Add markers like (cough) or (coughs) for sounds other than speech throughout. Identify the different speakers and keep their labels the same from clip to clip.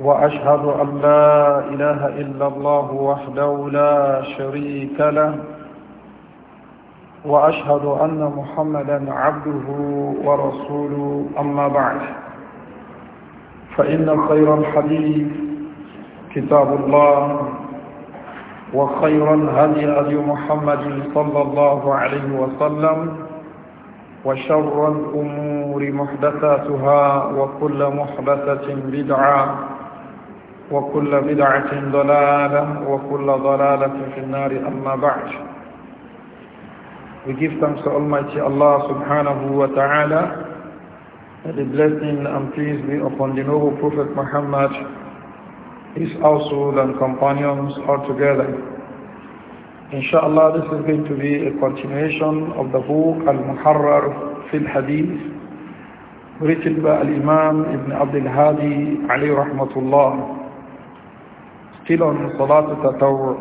Speaker 1: وأشهد أن لا إله إلا الله وحده لا شريك له وأشهد أن محمدا عبده ورسوله أما بعد فإن خير الحديث كتاب الله وخير الهدي هدي محمد صلى الله عليه وسلم وشر الأمور محدثاتها وكل محدثة بدعة وكل بدعة ضلالة وكل ضلالة في النار أما بعد We give thanks to Almighty Allah subhanahu wa ta'ala that the blessing and peace be upon the noble Prophet Muhammad, his household and companions all together. Inshallah this is going to be a continuation of the book Al-Muharrar fil Hadith written by Al-Imam Ibn Abdul Hadi alayhi rahmatullah. كلا صلاة التطوع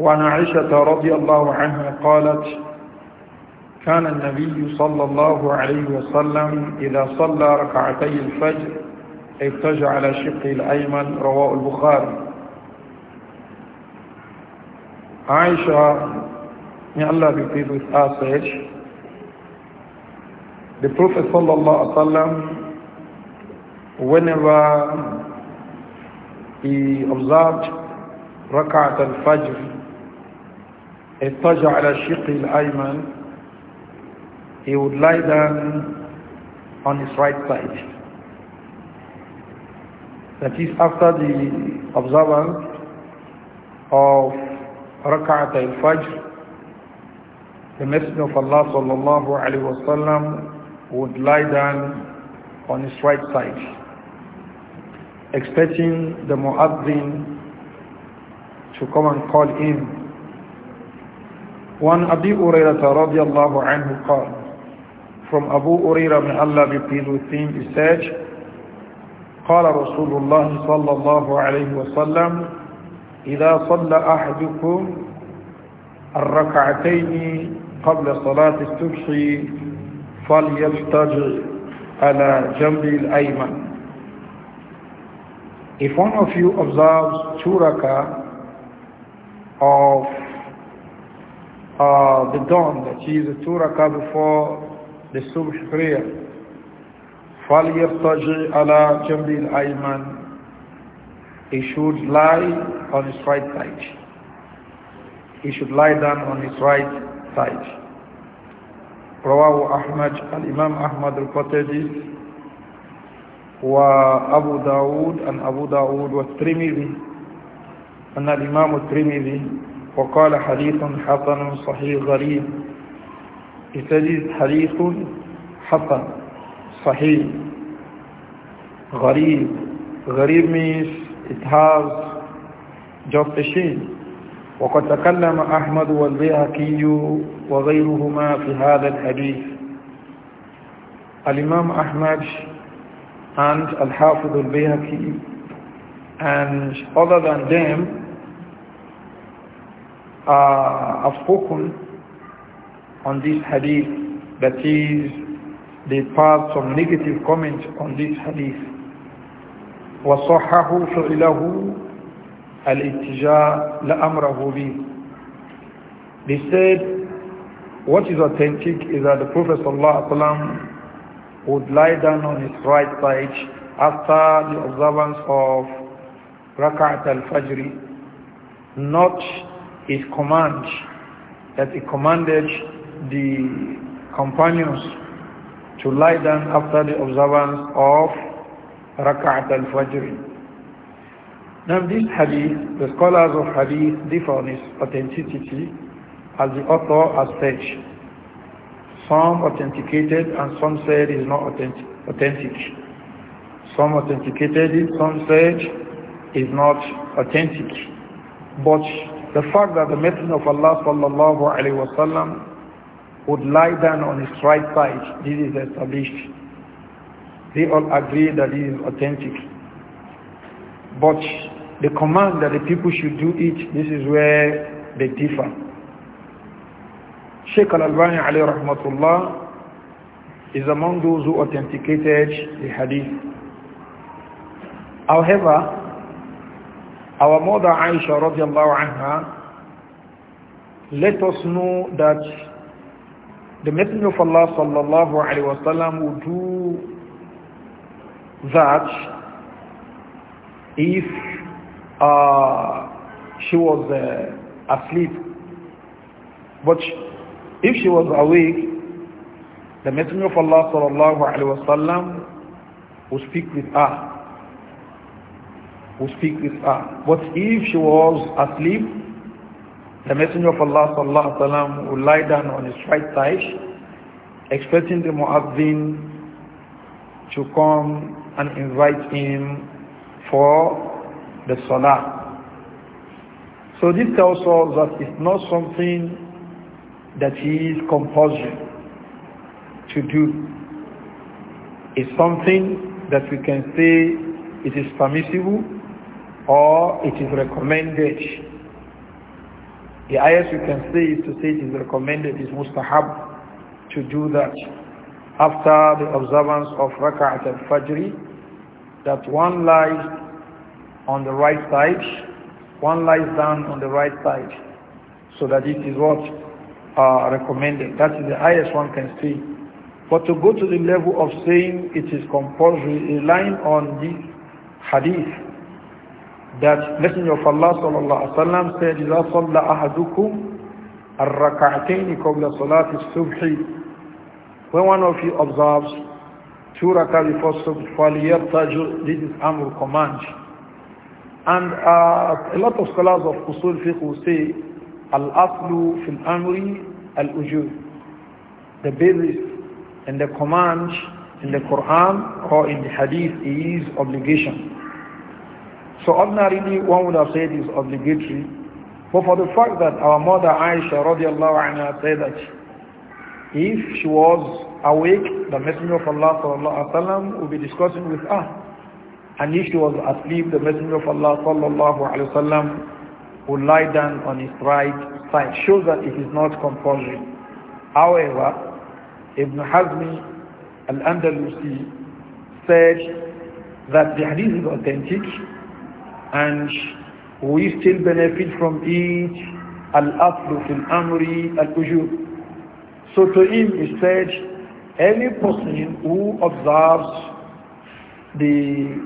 Speaker 1: وعن عائشة رضي الله عنها قالت كان النبي صلى الله عليه وسلم إذا صلى ركعتي الفجر اتجع على شقه الأيمن رواه البخاري عائشة may Allah be pleased the Prophet sallallahu عليه وسلم whenever he observed rak'at al-Fajr اضطجع على الشق الأيمن he would lie down on his right side that is after the observance of rak'at al-Fajr the Messenger of Allah sallallahu alaihi wasallam would lie down on his right side expecting the muazzin to come and call in. One Abi Urairah radiallahu anhu called. From Abu Urairah, may Allah be pleased with him, he said, قال رسول الله صلى الله عليه وسلم إذا صلى أحدكم الركعتين قبل صلاة الصبح فليفتجر على جنب الأيمن if one of you observes two rakah of uh, the dawn, that is two rakah before the subh prayer, فَلْيَرْتَجِعْ عَلَى جَنْبِ الْأَيْمَنِ He should lie on his right side. He should lie down on his right side. رواه أحمد الإمام أحمد القتادي وأبو داود عن أبو داود والترمذي أن الإمام الترمذي وقال حديث حسن صحيح غريب يتجد حديث حسن صحيح غريب غريب means it has just a shade وقد تكلم أحمد والبيهقي وغيرهما في هذا الحديث الإمام أحمد and Al-Hafidh al-Bayhaqi and other than them uh, have spoken on this hadith that is they passed some negative comments on this hadith وصحه فعله la لأمره به they said what is authentic is that the Prophet sallallahu alaihi wasallam would lie down on his right side after the observance of Raka'at al-Fajr, not his command that he commanded the companions to lie down after the observance of Raka'at al-Fajr. Now this hadith, the scholars of hadith differ on its authenticity as the author has said. Some authenticated and some said is not authentic. authentic. Some authenticated it, some said is not authentic. But the fact that the Messenger of Allah sallallahu alaihi wasallam would lie down on his right side, this is established. They all agree that it is authentic. But the command that the people should do it, this is where they differ. Sheikh Al-Albani alayhi rahmatullah is among those who authenticated the hadith. However, our mother Aisha radiallahu anha let us know that the Messenger of Allah sallallahu alayhi wa sallam would do that if uh, she was uh, asleep. But if she was awake, the Messenger of Allah sallallahu alaihi wasallam would speak with her. Would speak with her. But if she was asleep, the Messenger of Allah sallallahu alaihi wasallam would lie down on his right side, expecting the muazzin to come and invite him for the salah. So this tells us that it's not something that is compulsory to do is something that we can say it is permissible or it is recommended. The highest we can say is to say it is recommended, is mustahab to do that after the observance of rak'at al-fajr that one lies on the right side, one lies down on the right side so that it is what? uh, recommended. That is the highest one can say. But to go to the level of saying it is compulsory, relying on the hadith that Messenger of Allah sallallahu alaihi wasallam said, إذا صلى أحدكم الركعتين قبل صلاة الصبح When one of you observes two rakah before subh, فَلْيَرْتَجُ This is Amr command. And uh, a lot of scholars of Usul Fiqh will say Al-Aslu fil Amri al-Ujub. The basis and the command in the Quran or in the Hadith is obligation. So ordinarily one would have said is obligatory. But for the fact that our mother Aisha radiallahu anha said that if she was awake, the Messenger of Allah sallallahu wa sallam will be discussing with her. And if she was asleep, the Messenger of Allah sallallahu wa sallam who lie down on his right side. Shows that it is not compulsory. However, Ibn Hazmi al-Andalusi said that the hadith is authentic and we still benefit from it. al-aflu fil amri al-ujub. So to him he said, any person who observes the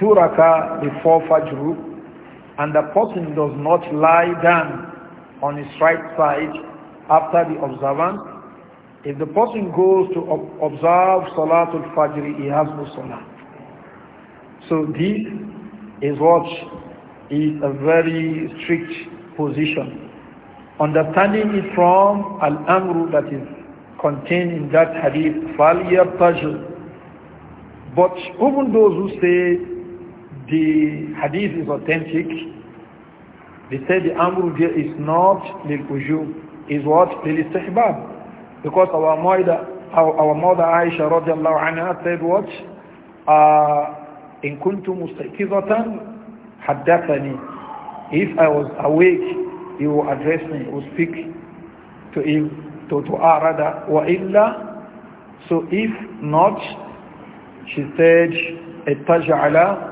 Speaker 1: two rakah before fajr and the person does not lie down on his right side after the observance, if the person goes to observe Salatul Fajr, he has no Salah. So this is what is a very strict position. Understanding it from Al-Amru that is contained in that hadith, فَلْيَبْتَجِرْ But even those who say the hadith is authentic. They said the amr there is not lil ujub, is what lil istihbab, because our mother, our, mother Aisha radiallahu anha said what, uh, in kuntu mustaqizatan haddathani. If I was awake, he will address me, he will speak to him, to, to arada wa illa. So if not, she said, اتجعل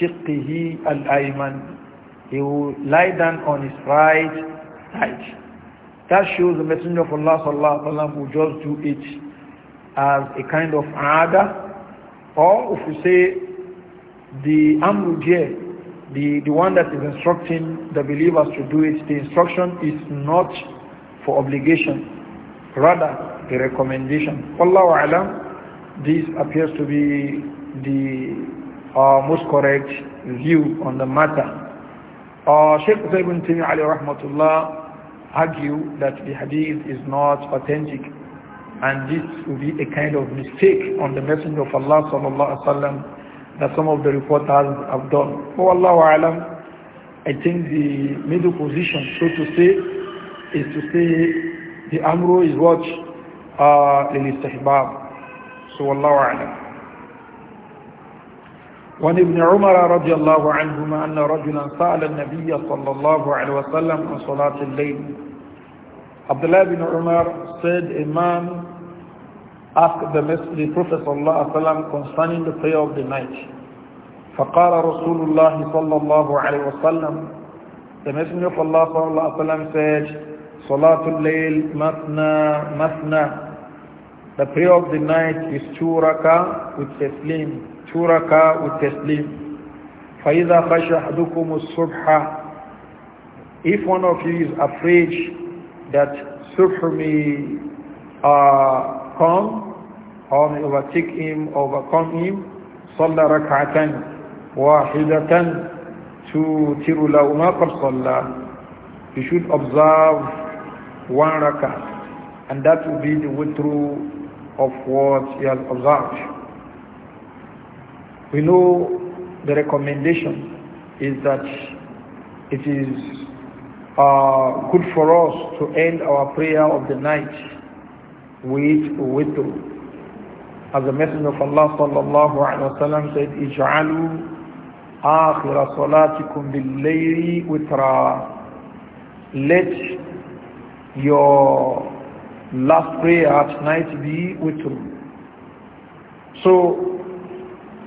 Speaker 1: shiqqihi al-ayman. He will lie down on his right side. That shows the Messenger of Allah sallallahu alaihi wasallam will just do it as a kind of ada, or if you say the amrujir, the, the one that is instructing the believers to do it, the instruction is not for obligation, rather the recommendation. Wallahu alam, this appears to be the or most correct view on the matter. Uh, Sheikh Ibn Taymiyyah Rahmatullah argue that the hadith is not authentic and this would be a kind of mistake on the Messenger of Allah sallallahu alaihi that some of the reporters have done. Oh Allah alam, I think the middle position, so to say, is to say the amru is what uh, istihbab. So Allah alam. وعن ابن عمر رضي الله عنهما أن رجلا سأل النبي صلى الله عليه وسلم عن صلاة الليل عبد الله بن عمر said a man asked the messenger the prophet صلى الله عليه وسلم concerning the prayer of the night فقال رسول الله صلى الله عليه وسلم the messenger of Allah صلى الله عليه وسلم said صلاة الليل مثنى مثنى the prayer of the night is two raka with a sling شركاء التسليم فإذا خشى أحدكم الصبح if one of you is afraid that subh may uh, come or may overtake him overcome him صلى ركعة واحدة توتر له ما قد صلى you should observe one rakah and that will be the withdrawal of what he has observed We know the recommendation is that it is uh, good for us to end our prayer of the night with witr. As the Messenger of Allah sallallahu alaihi wasallam said, "Ij'alu akhira salatikum bil-layli Let your last prayer at night be witr. So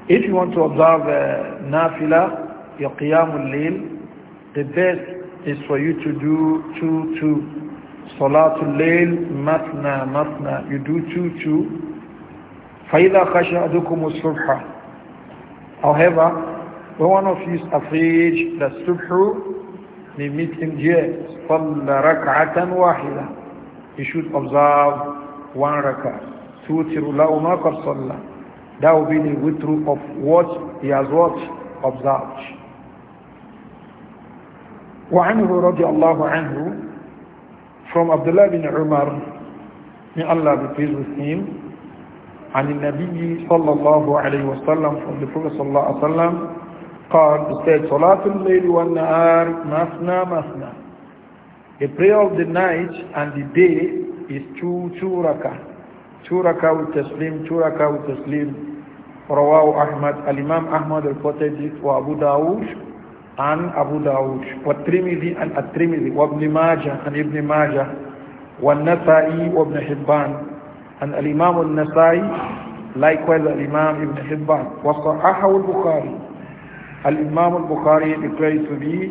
Speaker 1: if you want to observe uh, nafila, your qiyamul layl, the best is for you to do two two. Salatul layl, matna matna. You do two two. فَإِذَا خَشَ أَدُكُمُ الصُّبْحَ However, when one of you is afraid that subh may meet him here, فَلَّ رَكْعَةً wahida. You should observe one rakat two لَهُ مَا قَدْ صَلَّى that will be the withdrawal of what he has what observed. وعنه رضي الله عنه from Abdullah bin Umar may Allah be pleased with him عن النبي صلى الله عليه وسلم from the Prophet صلى الله عليه وسلم قال he said صلاة الليل والنهار مثنى مثنى the prayer of the night and the day is two two rakah شركاء التسليم شركاء التسليم رواه أحمد الإمام أحمد الكوتجي وأبو داوود عن أبو داوود والترمذي عن الترمذي وابن ماجه عن ابن ماجه والنسائي وابن حبان عن الإمام النسائي likewise الإمام ابن حبان وصححه البخاري الإمام البخاري declares to be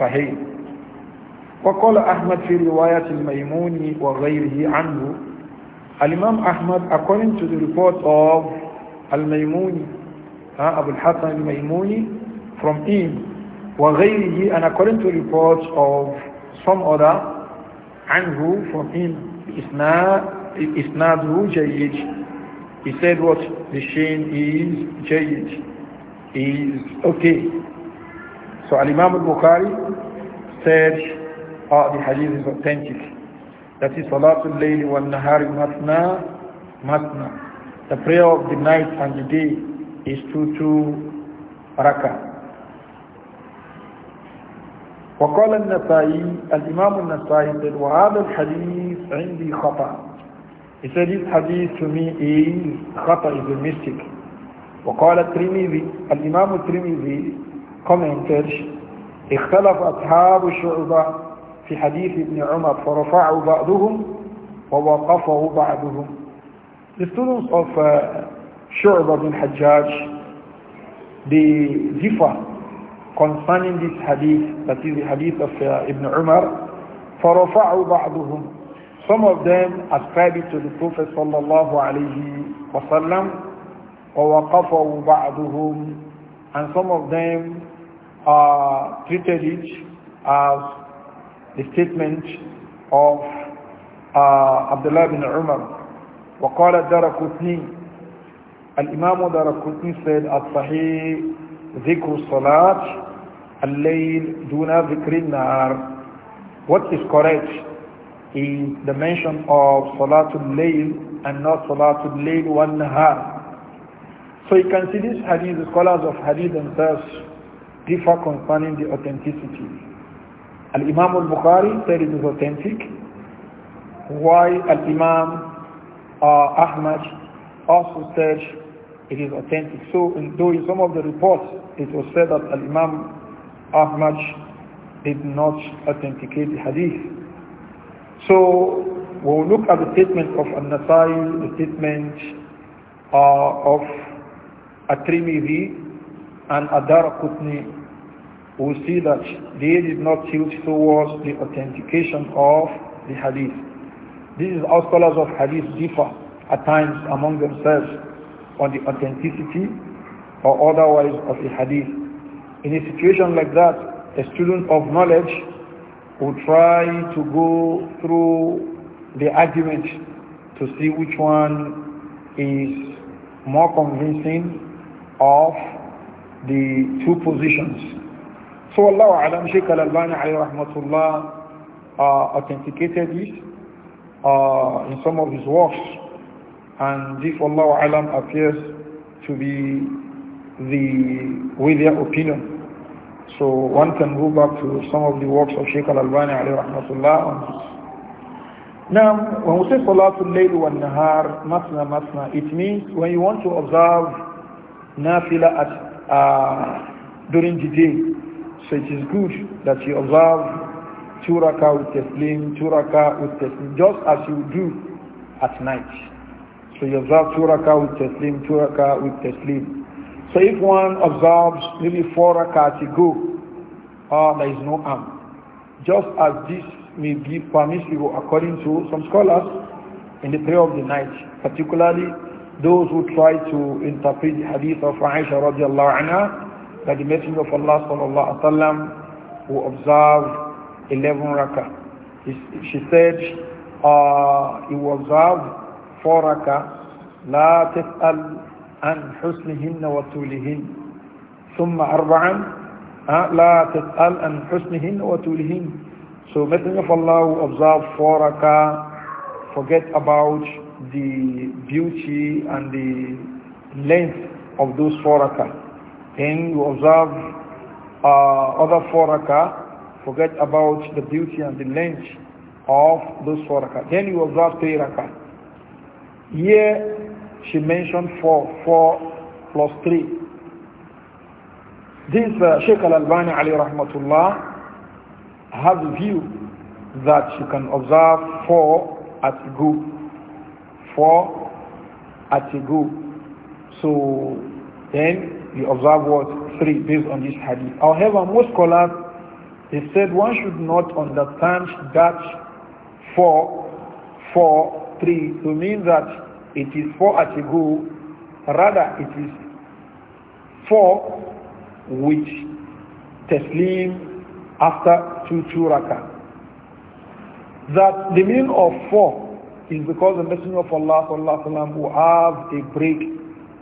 Speaker 1: صحيح وقال أحمد في رواية الميمون وغيره عنه Al-Imam Ahmad, according to the report of Al-Maymuni, uh, Abu al-Hasan al-Maymuni, from him, وَغَيْرِهِ and according to reports of some other, Anhu from him, إِسْنَادُهُ جَيِّجِ He said what? The sheen is جيد, is okay. So Al-Imam al-Bukhari said, Ah, the hadith is authentic. That is Salatul Layl wa Nahari Matna Matna. The prayer of the night and the day is two two al-Nasai وقال النسائي الإمام النسائي said وهذا الحديث عندي خطأ He said this hadith to me is خطأ is a mistake وقال الترمذي الإمام الترمذي commented اختلف أصحاب الشعبة في حديث ابن عمر فرفعوا بعضهم ووقفوا بعضهم The students of uh, Shu'ba bin Hajjaj they differ concerning this hadith that is the hadith of uh, Ibn Umar فرفعوا بعضهم Some of them ascribe it to the Prophet صلى الله عليه وسلم ووقفوا بعضهم and some of them uh, treated it as the statement of uh, Abdullah ibn Umar وقال الدرقطني الإمام الدرقطني said الصحيح ذكر الصلاة الليل دون ذكر النهار what is correct is the mention of Salatul Layl and not Salatul Layl wal Nahar. So you can see this hadith, the scholars of hadith and themselves differ concerning the authenticity. Al-Imam al-Bukhari said it is authentic, Why Al-Imam uh, Ahmad also said it is authentic. So in, doing some of the reports it was said that Al-Imam Ahmad did not authenticate the hadith. So we'll look at the statement of An-Nasai, the statement uh, of At-Tirmidhi and Adar Qutni we will see that they did not tilt towards the authentication of the hadith. This is how scholars of hadith differ at times among themselves on the authenticity or otherwise of the hadith. In a situation like that, a student of knowledge will try to go through the argument to see which one is more convincing of the two positions so Allah Alam Sheikh Al-Albani rahmatullah uh, authenticated this uh, in some of his works and this Allah Alam appears to be the with their opinion. So one can go back to some of the works of Sheikh Al-Albani rahmatullah on this. Now, when we say Salatul Layl wa Nahar, Masna Masna, it means when you want to observe Nafila at, uh, during the day, so it is good that you observe two rak'ah with taslim, two rak'ah with taslim, just as you do at night. So you observe two rak'ah with taslim, two rak'ah with taslim. So if one observes maybe four rak'ah, to go, uh, ah, there is no harm. Just as this may be permissible according to some scholars in the prayer of the night, particularly those who try to interpret the hadith of Aisha radiallahu anha, that the Messenger of Allah sallallahu alaihi wasallam will observe 11 rakah. She said, uh, he will observe 4 rakah. لا تسأل عن حسنهن وطولهن ثم أربعا uh, لا تسأل عن حسنهن وطولهن So Messenger of Allah will observe 4 rakah, forget about the beauty and the length of those 4 rakah. Then you observe uh, other four rakah. Forget about the beauty and the length of those four rakah. Then you observe three rakah. Here she mentioned four, four plus three. This uh, Sheikh Al-Albani Ali Rahmatullah has a view that you can observe four at a Four at a So then the observe what? Three, based on this hadith. However, most scholars, they said one should not understand that four, four, three to mean that it is four at a go. Rather, it is four which taslim after two, two rakah. That the meaning of four is because the Messenger of Allah sallallahu alaihi will have a break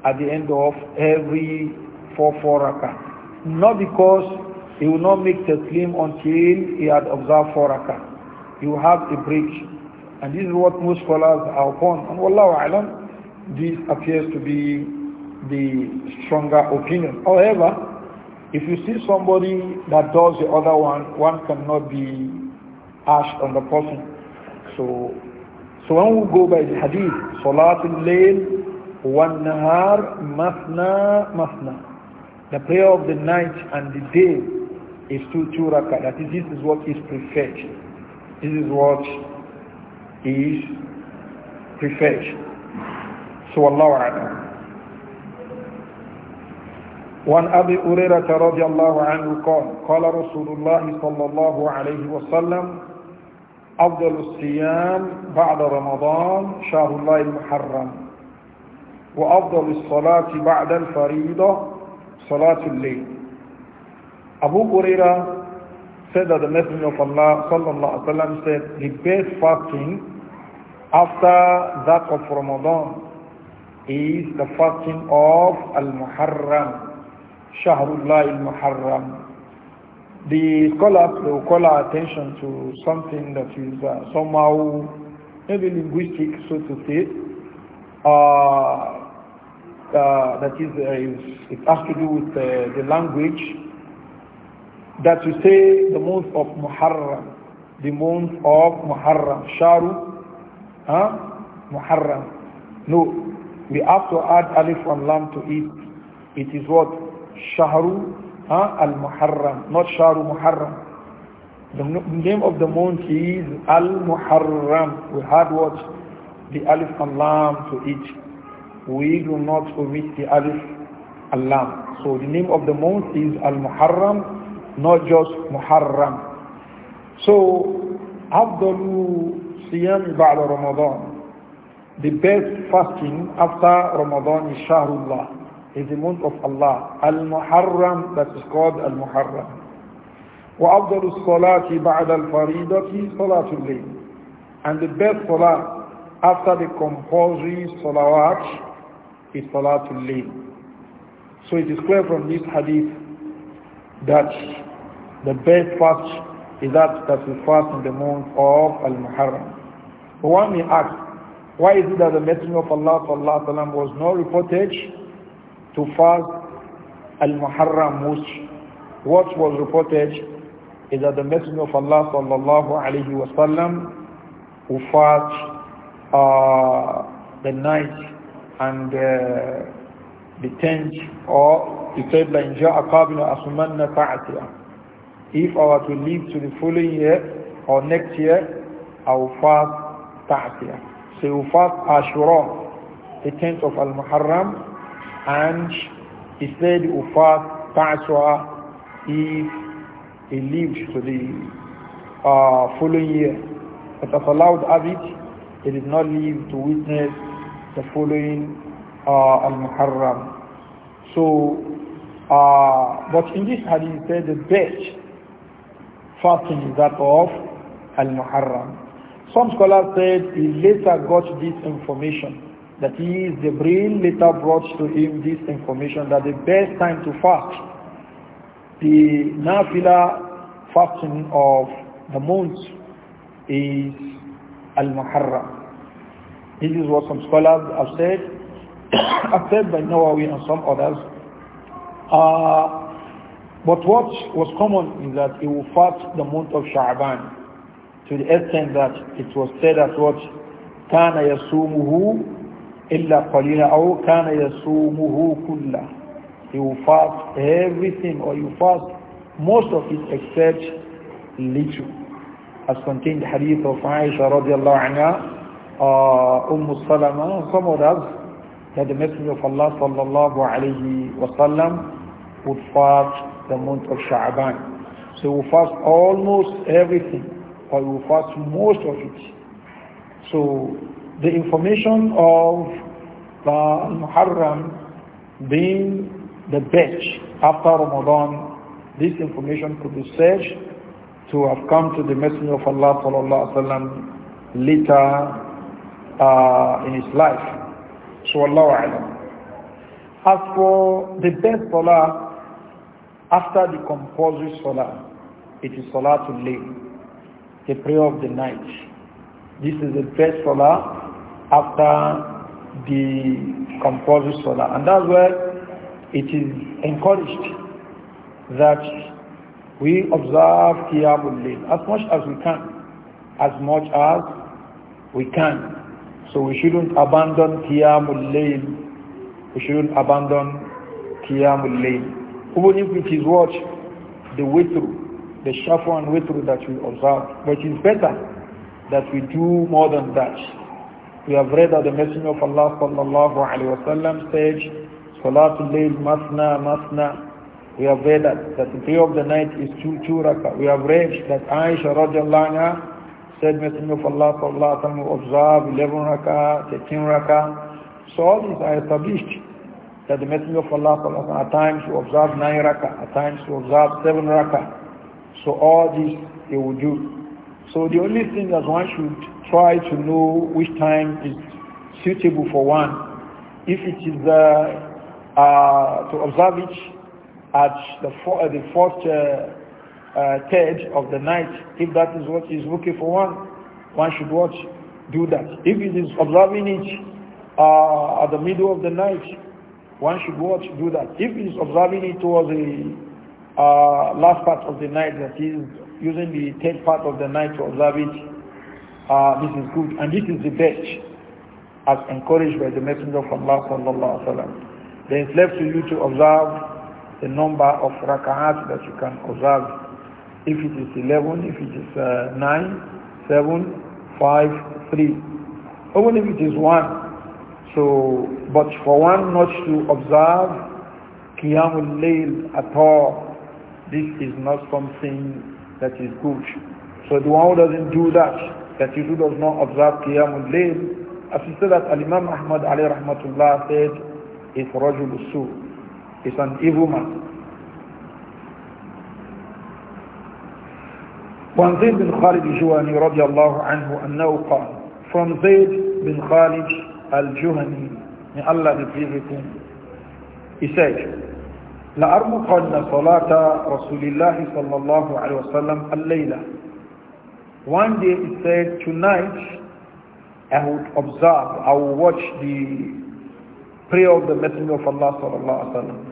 Speaker 1: at the end of every four four rakah. Not because he will not make the claim until he had observed four rakah. He will have a break. And this is what most scholars are upon. And Wallahu Alam, this appears to be the stronger opinion. However, if you see somebody that does the other one, one cannot be harsh on the person. So, so when we go by the hadith, Salatul Layl وَالنَّهَارِ مَثْنَى مَثْنَى The prayer of the night and the day is two, two rakah. That is, this is what is preferred. This is what is preferred. So Allah A'lam. وعن أبي هريرة رضي الله عنه قال قال رسول الله صلى الله عليه وسلم أفضل الصيام بعد رمضان شهر الله المحرم وأفضل الصلاة بعد الفريضة صلاة الليل Abu Huraira said that the Messenger of Allah صلى الله عليه وسلم said the best fasting after that of Ramadan is the fasting of Al-Muharram, Shahrullah Al-Muharram. The scholars will call our attention to something that is uh, somehow maybe linguistic, so to say. Uh, uh, that is, uh, it has to do with uh, the language that you say the month of Muharram, the month of Muharram, Sharu, huh? Muharram. No, we have to add Alif and Lam to it. It is what? Shahru huh? Al-Muharram, not Sharu Muharram. The name of the month is Al-Muharram. We had what? The Alif and Lam to it we do not omit the alif al-lam. So the name of the month is al-Muharram, not just Muharram. So, أفضل Siyam بعد Ramadan, The best fasting after Ramadan is Shahrullah, is the month of Allah. Al-Muharram, that is called Al-Muharram. وأفضل الصلاة بعد الفريضة صلاة الليل. And the best salah after the compulsory salawat is Salatul Layl. So it is clear from this hadith that the best fast is that that we fast in the month of Al-Muharram. But one may ask, why is it that the Messenger of Allah sallallahu sallam, was not reported to fast Al-Muharram Mush? What was reported is that the Messenger of Allah sallallahu alayhi wa sallam who fast uh, the night and uh, the tenth or he said لَإِنْ جَاءَ قَابِنَ أَخْمَنَّ فَعَتِيَا If I were to live to the following year or next year, I will fast ta'atiyah. So you fast Ashura, the tenth of Al-Muharram, and he said he will fast ta'atiyah if he lived to the uh, following year. But as allowed habit, he did not live to witness the following uh, Al-Muharram. So, uh, but in this hadith said the best fasting is that of Al-Muharram. Some scholars said he later got this information. That is the brain later brought to him this information that the best time to fast, the nafila fasting of the month is Al-Muharram. This is what some scholars have said, (coughs) accepted by Nawawi and some others. Uh, but what was common is that he will fast the month of Sha'ban to the extent that it was said that what كان يصومه إلا قليلا أو كان يصومه كله he will fast everything or you fast most of it except little as contained hadith of Aisha radiallahu anha uh, Umm Salama and some others that the Messenger of Allah sallallahu alayhi wasallam would fast the month of Sha'ban. So we fast almost everything or we fast most of it. So the information of the Muharram being the best after Ramadan, this information could be searched to have come to the Messenger of Allah sallallahu alayhi wa sallam later uh, in his life. So Allah alam. As for the best salah after the compulsory salah, it is salah to lay, the prayer of the night. This is the best salah after the compulsory salah. And that's where it is encouraged that we observe Qiyamul Layl as much as we can, as much as we can. So we shouldn't abandon Qiyamul Layl. We shouldn't abandon Qiyamul Layl. Even if it is what? The witru, the shafwan and witru that we observe. But it is better that we do more than that. We have read that the Messenger of Allah sallallahu alayhi wa sallam said, Salatul Layl masna masna. We have read that, that the prayer of the night is two, two rakah. We have read that Aisha radiallahu anha said Messenger of Allah sallallahu alaihi observe 11 rakah, 13 rakah. So all these are established that the Messenger of Allah sallallahu at times to observe 9 rakah, at times to observe 7 rakah. So all these they will do. So the only thing that one should try to know which time is suitable for one. If it is uh, uh, to observe it at the, four, uh, the fourth uh, uh, third of the night, if that is what he's looking for one, one should watch, do that. If is observing it uh, at the middle of the night, one should watch, do that. If is observing it towards the uh, last part of the night, that is using the third part of the night to observe it, uh, this is good. And this is the best, as encouraged by the Messenger of Allah sallallahu Then it's left to you to observe the number of rak'ahs that you can observe if it is 11, if it is uh, 9, 7, 5, 3. Even if it is 1. So, but for one not to observe Qiyamul Layl at all, this is not something that is good. So the one who doesn't do that, that you does not observe Qiyamul Layl, as he said that Al-Imam Ahmad rahmatullah said, is Rajul Su, is an evil man. وعن زيد بن خالد الجهني رضي الله عنه أنه قال from زيد بن خالد الجهني may Allah be pleased with him he said لأرمقن صلاة رسول الله صلى الله عليه وسلم الليلة one day he said tonight I would observe I would watch the prayer of the messenger of Allah صلى الله عليه وسلم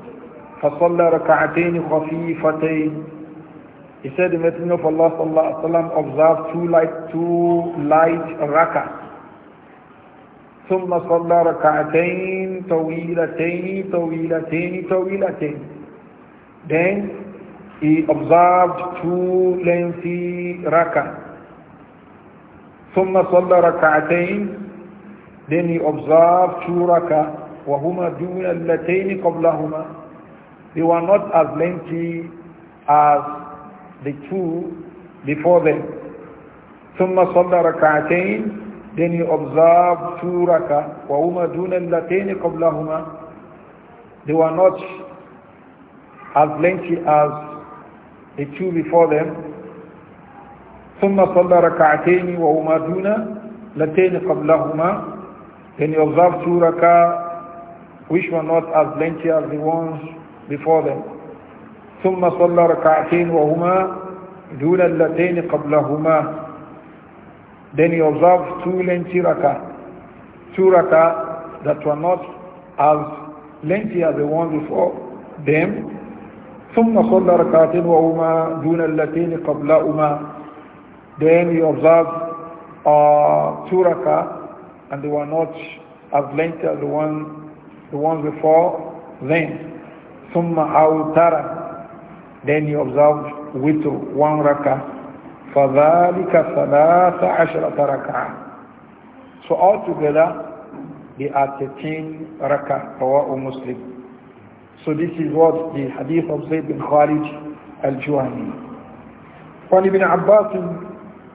Speaker 1: فصلى ركعتين خفيفتين He said the Messenger of Allah sallallahu alaihi observed two light two light rakah. ثم صلى ركعتين طويلتين طويلتين طويلتين Then he observed two lengthy rakah. ثم صلى ركعتين Then he observed two rakah. وهما دون اللتين قبلهما They were not as lengthy as the two before them. Summa صلى ركعتين then you observed two raka وهما دون they were not as lengthy as the two before them ثم صلى ركعتين وهما دون لتين then you observed two raka which were not as lengthy as the ones before them ثم صلى ركعتين وهما دون اللتين قبلهما then he observed two lengthy raka two raka that were not as lengthy as the one before them ثم صلى ركعتين وهما دون اللتين قبلهما then he observed uh, two raka and they were not as lengthy as the one the ones before them ثم أوتر Then he observed with one rakah. فَذَلِكَ ثَلَاثَ عَشْرَةَ رَكَعَةً So altogether, they are 13 rakah, Tawa'u Muslim. So this is what the hadith of Zayd bin Khalid al-Juhani. وعن ابن Abbas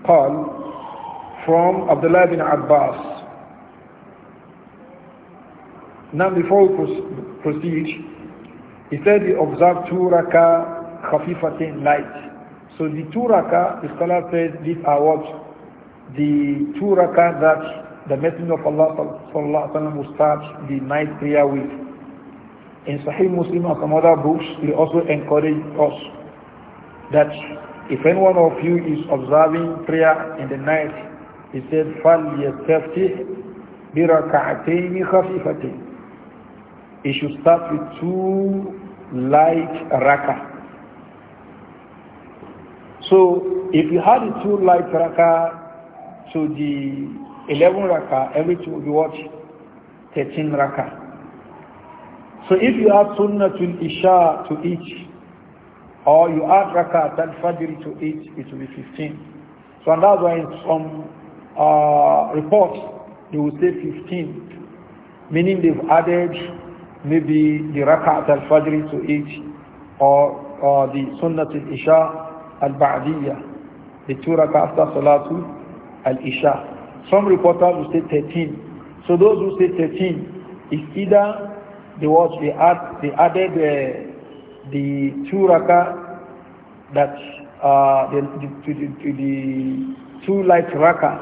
Speaker 1: قال from Abdullah bin Abbas. Now before we proceed, he said he observed two rakah khafifatin light. So the two raka, the scholar says these are what? The two raka that the Messenger of Allah sallallahu alaihi will start the night prayer with. In Sahih Muslim and some other books, he also encouraged us that if any one of you is observing prayer in the night, he said, فَلْيَسْتَفْتِحْ بِرَكَعَتَيْنِ خَفِيفَتَيْنِ He should start with two light rakah so if you had two light rakah to the 11 raka, everything two be what? 13 raka. So if you add sunnah to isha to each, or you add rakat al fajr to each, it will be 15. So and that's why in some uh, reports, they will say 15, meaning they've added maybe the rakat al fajr to each, or uh, the sunnah to isha al-Ba'diyya, the two rakah after Salatu al-Isha. Some reporters will say 13. So those who say 13 is either they watch, they, add, they added uh, the two rakah that uh, the, the, the, the, two light rakah,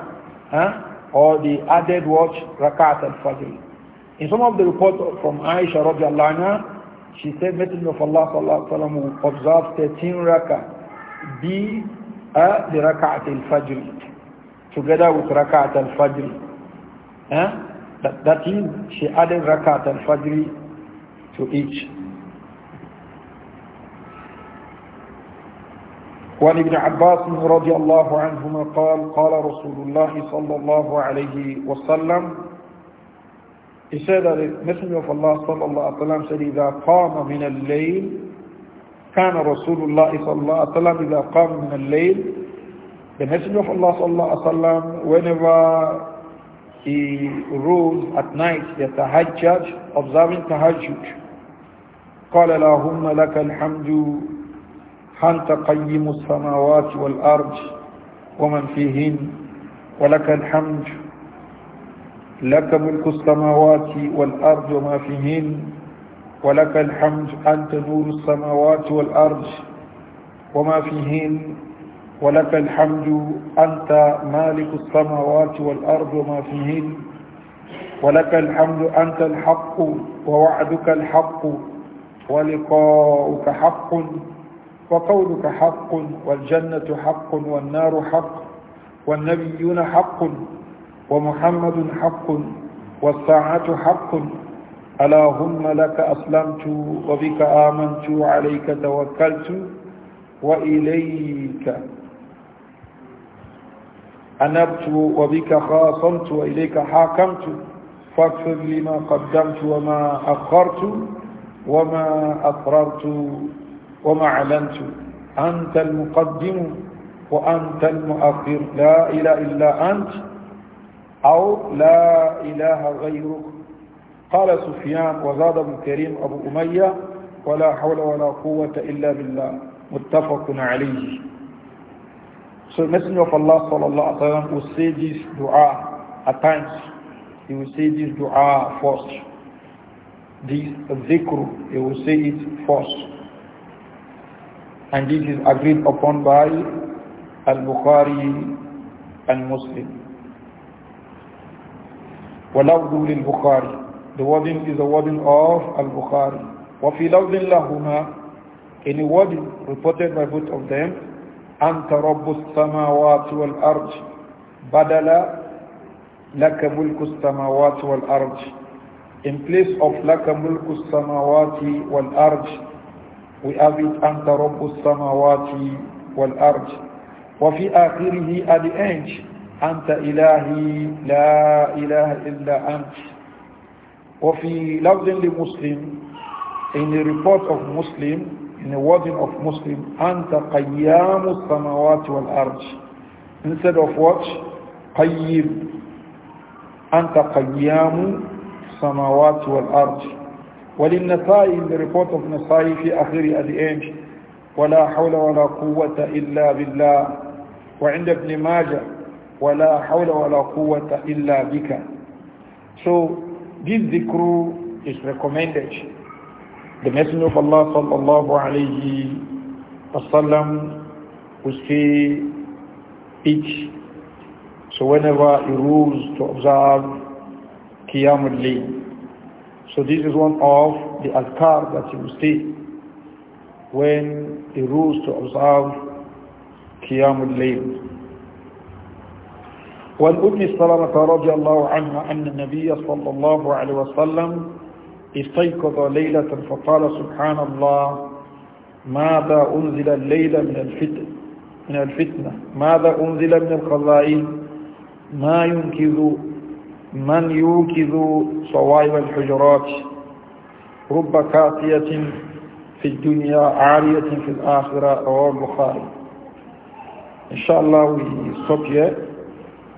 Speaker 1: huh? or the added watch rakat al-Fajr. In some of the reports from Aisha radiallahu anha, she said Messenger of Allah sallallahu alaihi wasallam observed 13 rakah بي أ لركعة الفجر تقدر ركعة الفجر ها that means she added rakat al-fajr to each وعن ابن عباس رضي الله عنهما قال قال رسول الله صلى الله عليه وسلم he said that the صلى الله عليه وسلم إذا قام من الليل كان رسول الله صلى الله عليه وسلم إذا قام من الليل the messenger of Allah صلى الله عليه وسلم whenever he rose at night the tahajjud observing tahajjud قال اللهم لك الحمد أنت قيم السماوات والأرض ومن فيهن ولك الحمد لك ملك السماوات والأرض وما فيهن ولك الحمد أنت نور السماوات والأرض وما فيهن ولك الحمد أنت مالك السماوات والأرض وما فيهن ولك الحمد أنت الحق ووعدك الحق ولقاؤك حق وقولك حق والجنة حق والنار حق والنبيون حق ومحمد حق والساعة حق اللهم لك أسلمت وبك آمنت وعليك توكلت وإليك أنبت وبك خاصمت وإليك حاكمت فاغفر لما قدمت وما أخرت وما أسررت وما أعلنت أنت المقدم وأنت المؤخر لا إله إلا أنت أو لا إله غيرك قال سفيان وزاد ابن كريم أبو أمية ولا حول ولا قوة إلا بالله متفق عليه So Messenger of Allah sallallahu عليه وسلم will say this dua at times. He will say this dua first. This zikr, he will say it first. And this is agreed upon by Al-Bukhari and Muslim. وَلَوْدُ لِلْبُخَارِ The wording is the wording of Al-Bukhari. وَفِي لَوْضٍ لَهُمَا In wording reported by both of them, أَنْتَ رَبُّ السَّمَاوَاتِ وَالْأَرْضِ بَدَلَ لَكَ مُلْكُ السَّمَاوَاتِ وَالْأَرْضِ In place of لَكَ مُلْكُ السَّمَاوَاتِ وَالْأَرْضِ we have it أَنْتَ رَبُّ السَّمَاوَاتِ وَالْأَرْضِ وَفِي آخِرِهِ at the end أَنْتَ إِلَهِي لَا إِلَهَ إِلَّا أَنْتِ وفي لفظ لمسلم in the report of Muslim in the wording of Muslim أنت قيام السماوات والأرض instead of what قيم أنت قيام السماوات والأرض وللنسائي in the report of Nasai في آخر at the end ولا حول ولا قوة إلا بالله وعند ابن ماجه ولا حول ولا قوة إلا بك so this dhikr is recommended. The Messenger of Allah sallallahu alayhi wasallam will say each. So whenever he rules to observe Qiyam al So this is one of the adhkar that he will say when he rules to observe Qiyam al وعن السلامة رضي الله عنها أن النبي صلى الله عليه وسلم استيقظ ليلة فقال سبحان الله ماذا أنزل الليلة من الفتن من الفتنة ماذا أنزل من القضائل ما ينكذ من يوكذ صوائب الحجرات رب كافية في الدنيا عالية في الآخرة رواه البخاري إن شاء الله we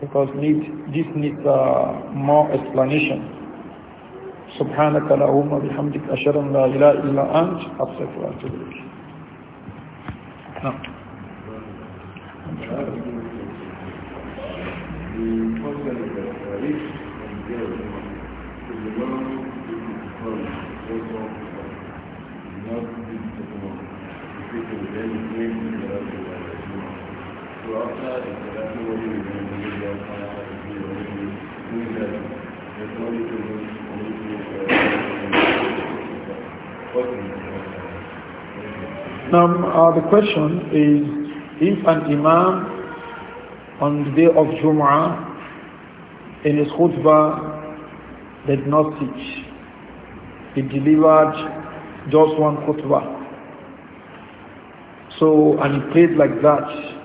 Speaker 1: because need, this needs uh, more explanation. سبحانك اللهم بحمدك أشهد أن لا إله إلا أنت أستغفرك وأتوب إليك. نعم.
Speaker 2: Thank
Speaker 1: Now uh, the question is if an imam on the day of Jum'ah in his khutbah did not teach, he delivered just one khutbah. So, and he prayed like that,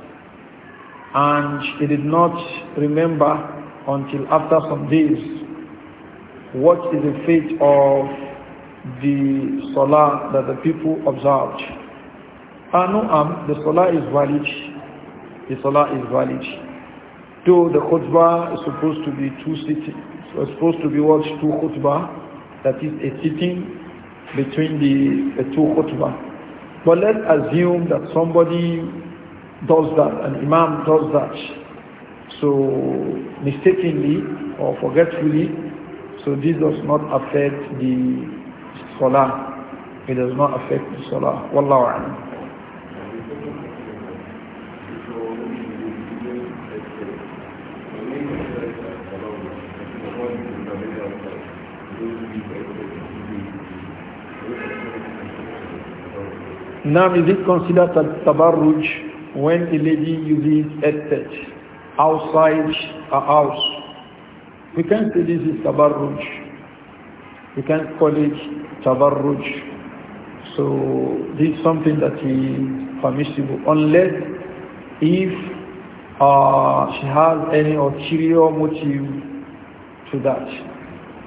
Speaker 1: and he did not remember until after some days what is the fate of the salah that the people observed. Anu am, the salah is valid. The salah is valid. Though the khutbah is supposed to be two sitting, it's supposed to be watched two khutbah, that is a sitting between the, the two khutbah. But let's assume that somebody does that, an imam does that. So mistakenly or forgetfully, so this does not affect the salah. It does not affect the salah. Wallahu a'lam. Now is it considered a tabarruj when a lady uses headset outside her house? We can say this is tabarruj you can't call it tabarruj. So this is something that is permissible unless if uh, she has any ulterior motive to that.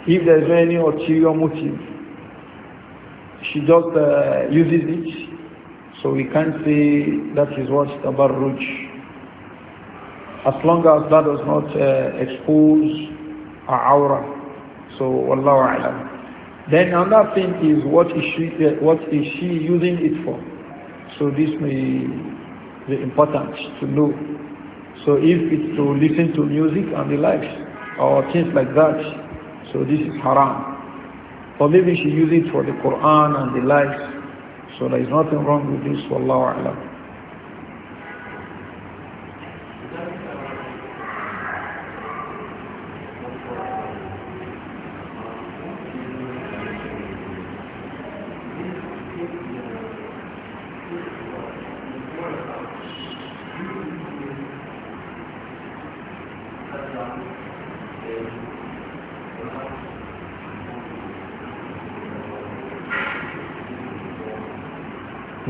Speaker 1: If there is any ulterior motive, she just uh, uses it. So we can't say that is what tabarruj. As long as that does not uh, expose our aura. So, Allah A'lam. Then another thing is what is she, uh, what is she using it for? So this may be important to know. So if it's to listen to music and the likes or things like that, so this is haram. Or maybe she uses it for the Quran and the likes. So there is nothing wrong with this, for Allah.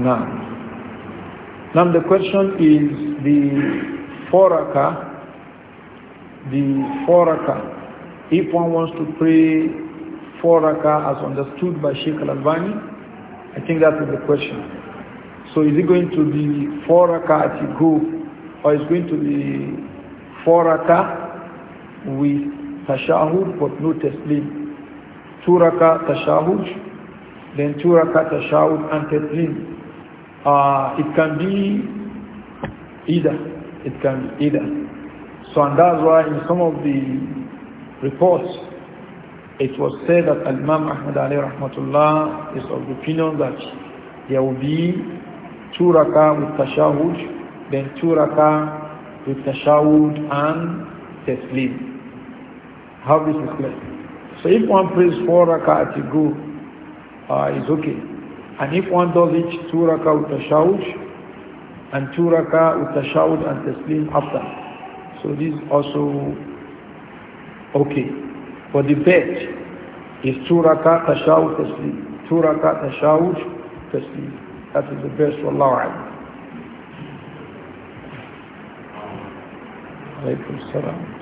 Speaker 1: Now, now the question is the foraka, the foraka. If one wants to pray foraka as understood by Sheikh Al-Albani, I think that is the question. So is it going to be foraka at group, or is it going to be foraka with tashahud but no taslim? Turaka tashahud, then turaka tashahud and taslim uh, it can be either. It can be either. So and that's why in some of the reports it was said that Imam Ahmad Ali Rahmatullah is of the opinion that there will be two rakah with tashahud, then two rakah with tashahud and taslim. How this is clear. So if one prays four rakah at a go, uh, it's okay. And if one does it, two raka utashawud and two raka utashawud and taslim after. So this is also okay. For the best is two raka tashawud taslim. Two raka tashawud taslim. That is the best for Allah. عليكم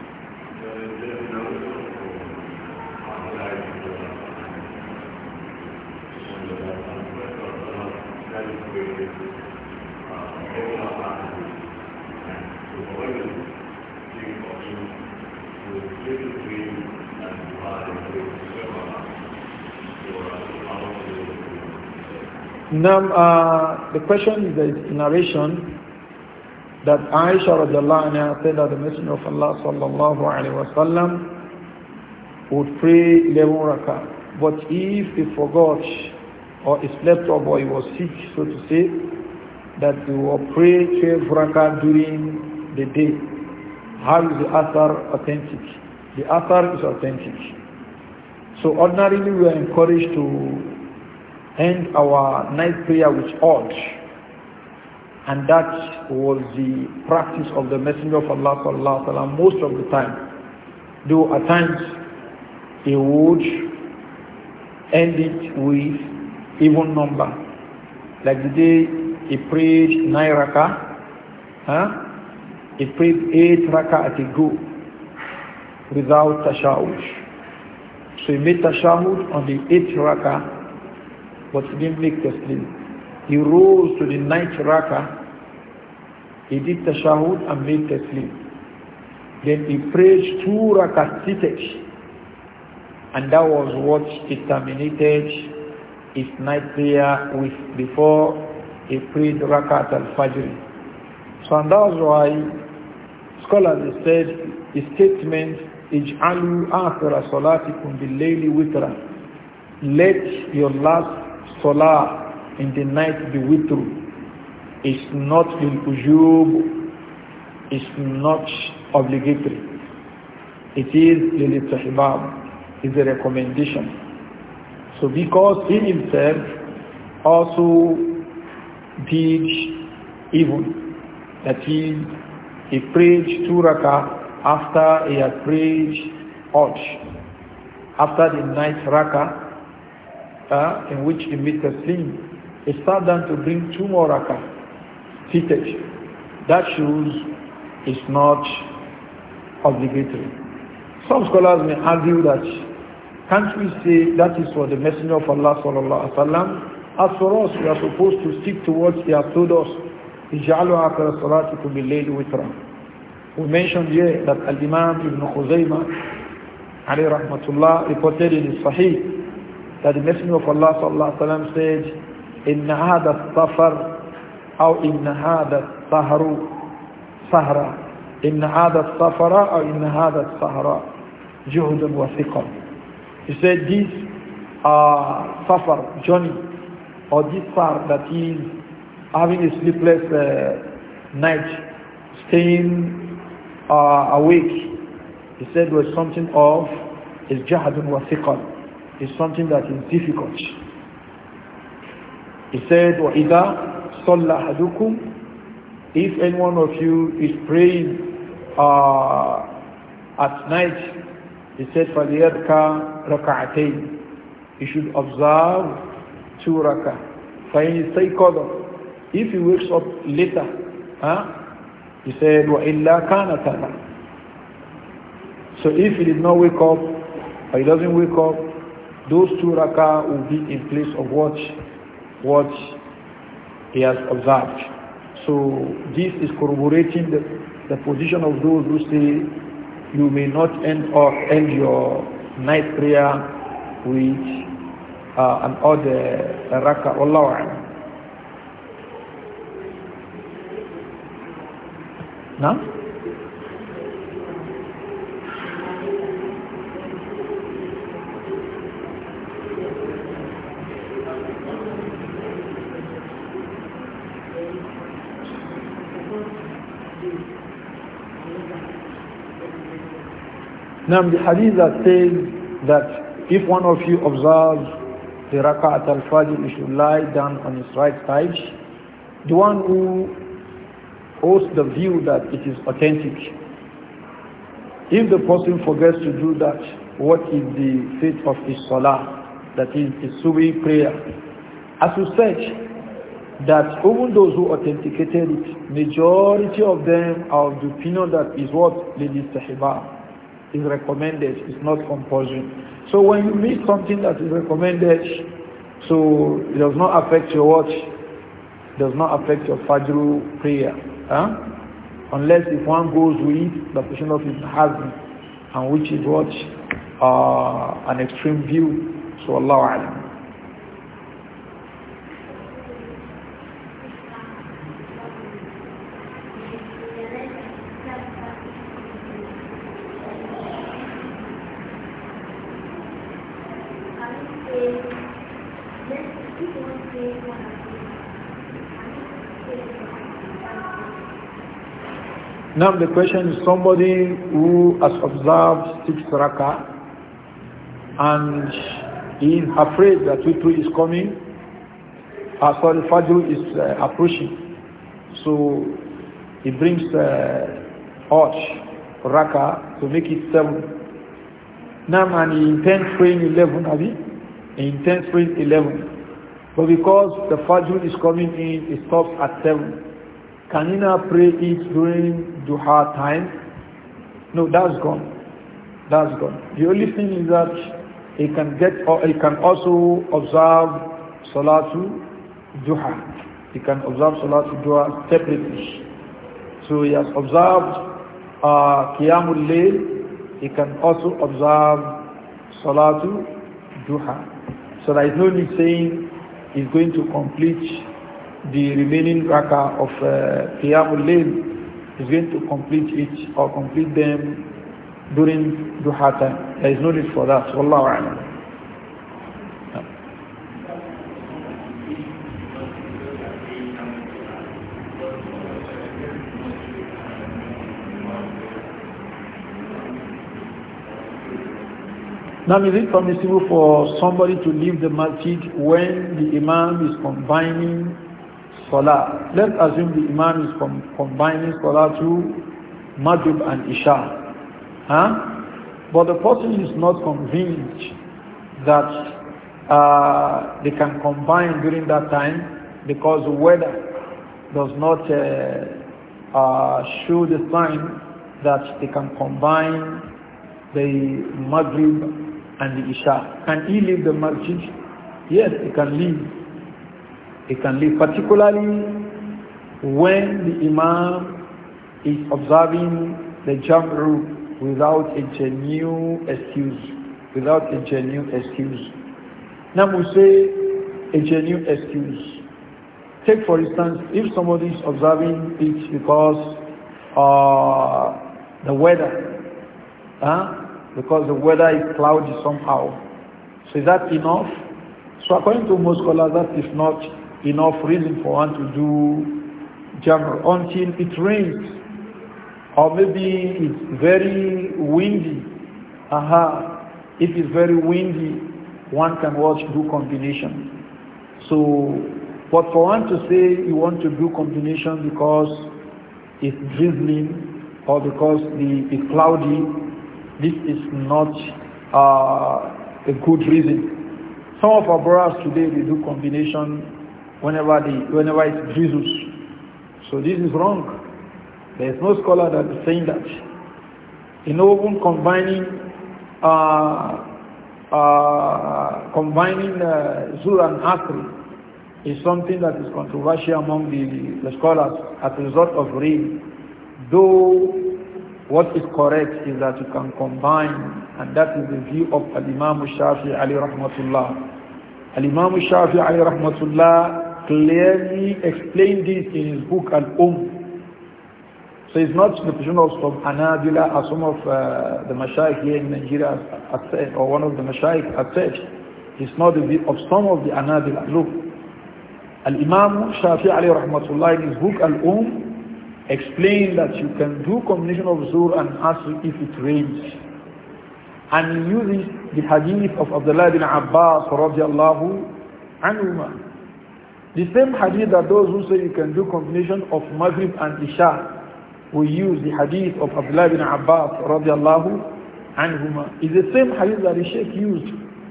Speaker 1: Now, uh, the question is the narration that Aisha radiallahu anha said that the Messenger of Allah sallallahu alayhi wasallam would pray 11 rakah. But if he forgot or he left over? or he was sick, so to say, that you will pray 12 rakah during the day. How is the Athar authentic? The Athar is authentic. So ordinarily we are encouraged to end our night prayer with odd. And that was the practice of the Messenger of Allah sallallahu alaihi wasallam most of the time. Though at times he would end it with even number. Like the day he prayed nine raka, huh? he prayed eight raka at a go without tashahud. So he made tashahud on the eighth raka, but he didn't make the sleep. He rose to the ninth raka, he did tashahud and made the sleep. Then he prayed two raka seated, and that was what he terminated his night prayer with before he prayed Rakat al-Fajr. So and that's why scholars said the statement, Ij'alu akhira salatikum bil-layli witra. Let your last salah in the night be witru. Is not lil-ujub, it's not obligatory. It is lil-istihbab, it's a recommendation. So because he himself also did evil, that he preached two raka after he had prayed Hajj, after the ninth raka uh, in which he made sin, he started to bring two more raka seated. That shows it's not obligatory. Some scholars may argue that can't we say that is for the Messenger of Allah sallallahu alaihi wasallam? As for us, we are supposed to stick to what He has told us. We mentioned here that Al-Imam Ibn Khuzaymah, alayhi rahmatullah, reported in his Sahih that the Messenger of Allah sallallahu alaihi wasallam said, "In hada safar, or in hada saharu sahra, in hada safara, or in hada sahra, juhdan wa he said this uh, safar, journey, or this far that is having a sleepless uh, night, staying uh, awake, he said was something of his jahadun wa It's something that is difficult. He said, وَإِذَا صَلَّى أَحَدُكُمْ If any one of you is praying uh, at night, he said, فَلْيَرْكَى رَكَعَتَيْنِ He should observe two rakah. فَإِنْ سَيْقَضَ If he wakes up later, huh? he said, وَإِلَّا كَانَ تَلَى So if he did not wake up, or he doesn't wake up, those two rakah will be in place of what, what he has observed. So this is corroborating the, the position of those who say you may not end off end your night prayer with uh, an order uh, raka Allah now
Speaker 2: Now the hadith that
Speaker 1: says that if one of you observes the rak'at al-fajr, he should lie down on his right side. The one who holds the view that it is authentic. If the person forgets to do that, what is the fate of his salah? That is his subi prayer. As we said, that even those who authenticated it, majority of them are of the opinion that is what? Ladies Sahibah is recommended, it's not compulsory. So when you miss something that is recommended, so it does not affect your watch, does not affect your Fajr prayer. Huh? Unless if one goes with the position of his husband, and which is what? Uh, an extreme view. So Allah Alam. Now the question is somebody who has observed six raka and is afraid that Witru is coming, uh, sorry, Fajr is uh, approaching. So he brings uh, Arch, Raka, to make it seven. Now and he intends praying 11, have you? He intends praying 11. But because the Fajr is coming in, it stops at 7. Can you pray it during duha time? No, that's gone. That's gone. The only thing is that he can get or he can also observe Salatu Duha. He can observe Salatu Duha separately. So he has observed uh, Qiyamul Layl. He can also observe Salatu Duha. So there is no need saying he's going to complete the remaining raka of uh, Layl is going to complete it or complete them during Duha time. There is no need for that. Wallahu a'lam. Now, is it permissible for somebody to leave the masjid when the imam is combining Salah. Let's assume the Imam is com combining Salah to Maghrib and Isha. Huh? But the person is not convinced that uh, they can combine during that time because the weather does not uh, uh, show the sign that they can combine the Maghrib and the Isha. Can he leave the Maghrib? Yes, he can leave it can be particularly when the Imam is observing the Jamru without a genuine excuse. Without a genuine excuse. Now we say a genuine excuse. Take for instance, if somebody is observing it because uh, the weather, huh? because the weather is cloudy somehow. So is that enough? So according to most scholars, that is not enough reason for one to do jamr until it rains or maybe it's very windy. Aha, if it's very windy, one can watch do combination. So, but for one to say you want to do combination because it's drizzling or because the, it's cloudy, this is not uh, a good reason. Some of our brothers today, they do combination whenever, the, whenever So this is wrong. There is no scholar that is saying that. In even combining uh, uh, combining uh, Zul and Asri is something that is controversial among the, the scholars as a result of rain. Though what is correct is that you can combine, and that is the view of Al-Imam Shafi Ali Rahmatullah. Al-Imam Shafi Ali Rahmatullah clearly explained this in his book al um So it's not the position of some Anabila some of uh, the Mashaikh here in Nigeria said, or one of the Mashaikh has said. It's not the view of some of the Anabila. Look, Al-Imam Shafi Ali Rahmatullah in his book Al-Um explained that you can do combination of Zur and Asr if it rains. And he uses the hadith of Abdullah bin Abbas radiallahu anhu. The same hadith that those who say you can do combination of Maghrib and Isha will use the hadith of Abdullah ibn Abbas radiallahu anhuma. It's the same hadith that the Sheikh used.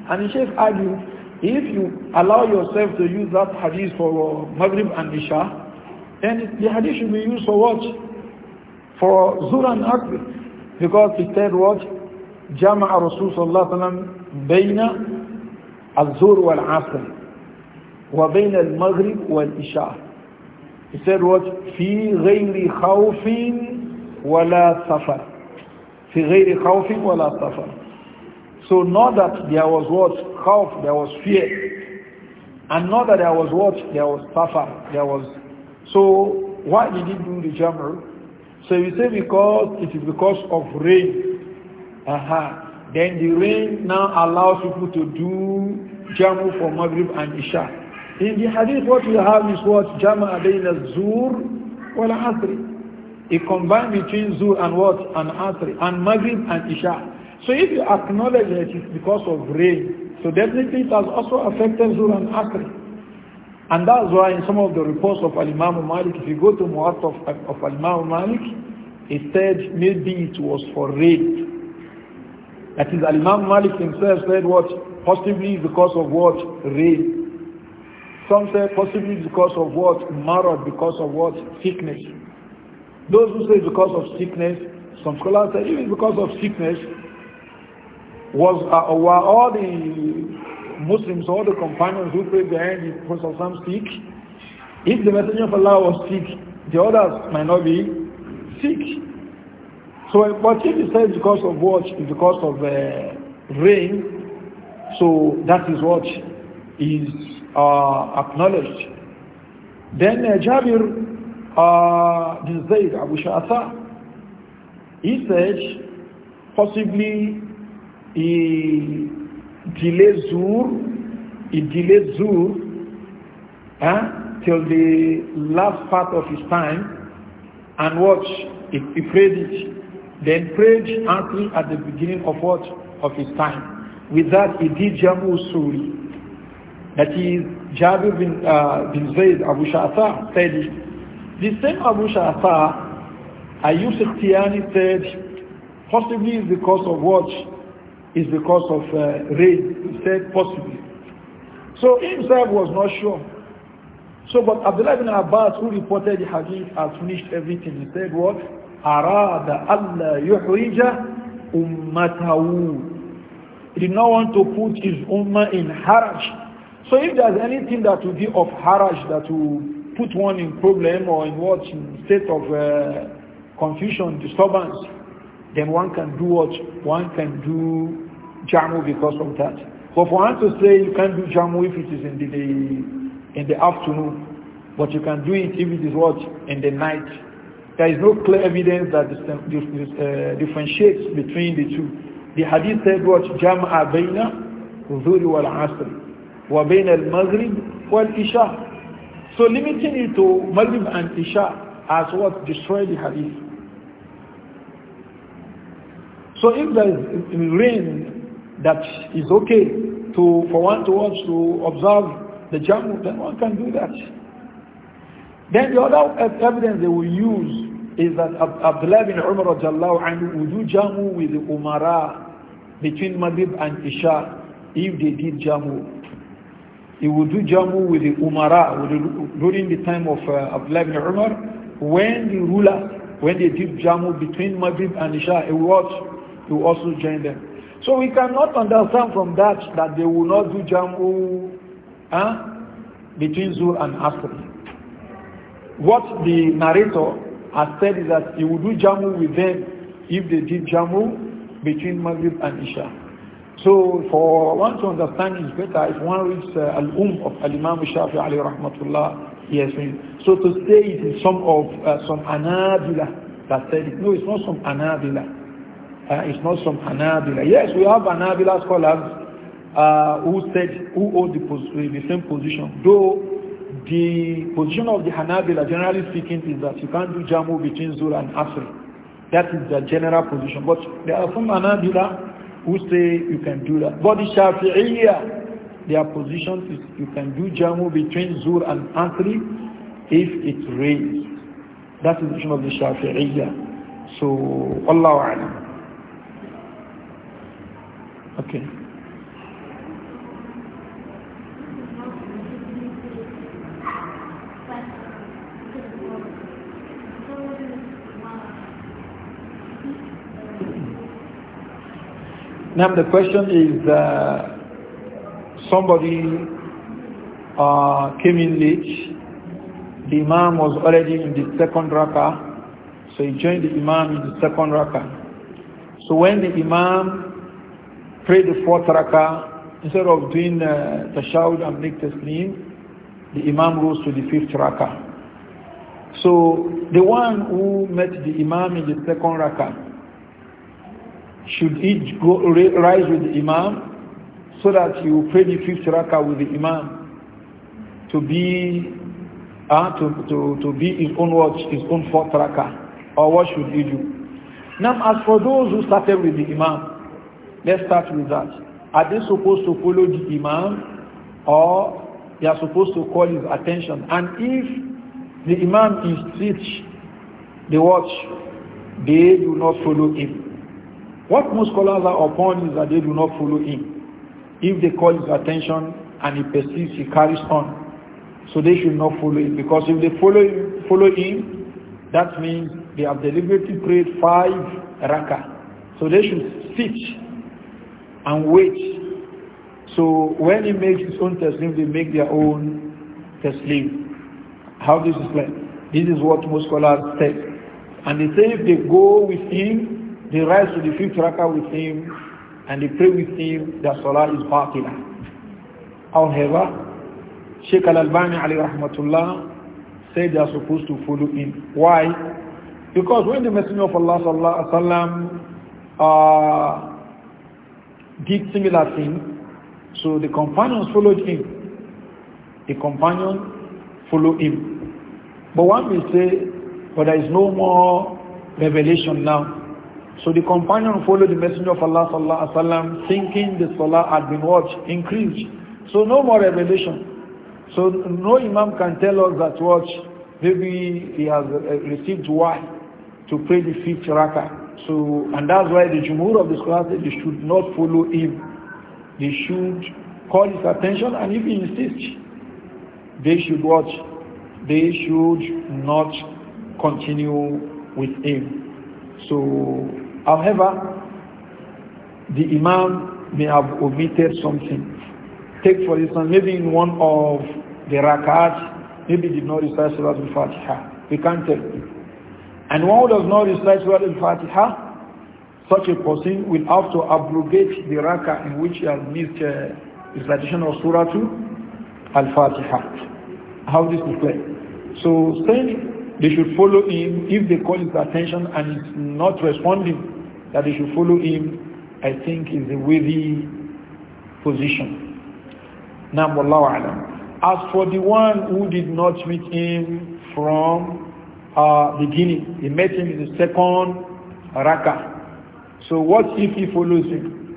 Speaker 1: And the Sheikh argued, if you allow yourself to use that hadith for Maghrib and Isha, then the hadith should be used for what? For Zuhr and Akbar. Because he said what? جمع رسول صلى الله عليه al بين الزور والعصر وبين المغرب والإشاء He said what? في غير خوف ولا سفر في غير خوف ولا سفر So not that there was what? Khawf, there was fear. And not that there was what? There was safar, there was... So why did he do the jamr? So you say because it is because of rain. Aha. Uh -huh. Then the rain now allows people to do jamr for Maghrib and Isha. In the hadith, what we have is what Jama'a bayna Zur wal Asri. It combined between Zur and what? And Asri, and Maghrib and Isha. So if you acknowledge that it's because of rain, so definitely it has also affected Zur and Asri. And that's why in some of the reports of Al-Imam Malik, if you go to Mu'at of, of Al-Imam Malik, he said maybe it was for rain. That is, Al-Imam Malik himself said what? Possibly because of what? Rain. Some say possibly because of what? Marad, because of what? Sickness. Those who say because of sickness, some scholars say even because of sickness, was uh, were all the Muslims, all the companions who prayed behind the Prophet some sick? If the Messenger of Allah was sick, the others might not be sick. So, but if he says because of what? Because of uh, rain, so that is what is uh, acknowledged. Then uh, Jabir uh, bin Zayd Abu Sha'asa, he said, possibly he delayed Zur, he delayed Zur eh, till the last part of his time and watch, he, he prayed it. Then prayed until at the beginning of what? Of his time. With that he did Jamu Suri. That is Jabir bin, uh, bin Zayd Abu Sha'far said, the same Abu Sha'far, Ayub Sikhtiyani said, possibly it's because of what? Is because of uh, rain. He said possibly. So himself was not sure. So but Abdullah bin Abbas who reported the hadith has finished everything. He said what? أراد ألا yuhrija ummatahu. He did not want to put his ummah in haraj so if there's anything that will be of haraj, that will put one in problem or in what in state of uh, confusion, disturbance, then one can do what? One can do jamu because of that. But for one to say you can't do jamu if it is in the, in the afternoon, but you can do it if it is what? In the night. There is no clear evidence that this, this, uh, differentiates between the two. The hadith said what? Jam'a bayna, dhuri wal asr. وَبَيْنَ الْمَغْرِبِ وَالْإِشَاءِ So limiting it to Maghrib and Isha has what destroyed the hadith. So if there is rain that is okay to, for one to watch to observe the jamu, then one can do that. Then the other evidence they will use is that Abdullah bin Umar anhu would do jamu with the umara between Maghrib and Isha if they did jamu he would do jamu with the umara during the time of uh, Abdullah ibn Umar when the ruler when they did jamu between Maghrib and Isha he would, he would also join them so we cannot understand from that that they will not do jamu huh, between Zuhr and Asr what the narrator has said is that he would do jamu with them if they did jamu between Maghrib and Isha so for one to understand is better if one reads uh, Al-Um of Al-Imam Shafi Ali Rahmatullah, he has been. So to say it is some of uh, some Anabila that said it. No, it's not some Anabila. Uh, it's not some Anabila. Yes, we have Anabila scholars uh, who said, who hold the, the same position. Though the position of the Hanabila, generally speaking, is that you can't do Jamu between Zul and Asr. That is the general position. But there are some Anabila who say you can do that. But the Shafi'iyya, their position is you can do jamu between Zur and Asri if it rains. That is the position of the Shafi'iyya. So, Allah A'lam. Okay. Now the question is, uh, somebody uh, came in late. The Imam was already in the second raka, so he joined the Imam in the second raka. So when the Imam prayed the fourth raka, instead of doing uh, tashahud and make taslim, the Imam rose to the fifth raka. So the one who met the Imam in the second rakah, should each go, rise with the Imam so that you pray the fifth rakah with the Imam to be uh, to, to, to be his own watch, his own fourth rakah or what should he do? Now as for those who started with the Imam, let's start with that. Are they supposed to follow the Imam or they are supposed to call his attention? And if the Imam is teach the watch, they do not follow him. What most scholars are upon is that they do not follow him. If they call his attention and he persists, he carries on. So they should not follow him because if they follow him, follow him, that means they have deliberately prayed five raka. So they should sit and wait. So when he makes his own taslim, they make their own taslim. How this is like? This is what most scholars say. And they say if they go with him, they rise to the fifth rakah with him and they pray with him, that salah is batilah. However, Sheikh Al-Albani Ali Rahmatullah said they are supposed to follow him. Why? Because when the Messenger of Allah Sallallahu Alaihi Wasallam uh, did similar thing, so the companions followed him. The companion followed him. But one may say, but there is no more revelation now. So the companion followed the messenger of Allah sallallahu alaihi wasallam thinking the salah had been watched, increased. So no more revelation. So no imam can tell us that what maybe he has uh, received why to pray the fifth rakah. So and that's why the jumhur of the scholars they should not follow him. They should call his attention and if he insists, they should watch. They should not continue with him. So However, the Imam may have omitted something. Take for instance, maybe in one of the Rakats, maybe did not recite Surah Al-Fatiha. We can't tell. And one who does not recite Surah Al-Fatiha, such a person will have to abrogate the rak'ah in which he has missed uh, recitation of Surah Al-Fatiha. How this is played. So saying they should follow him if they call his attention and he's not responding, that they should follow him, I think is a worthy position. Now, As for the one who did not meet him from uh, beginning, he met him in the second raka. So what if he follows him?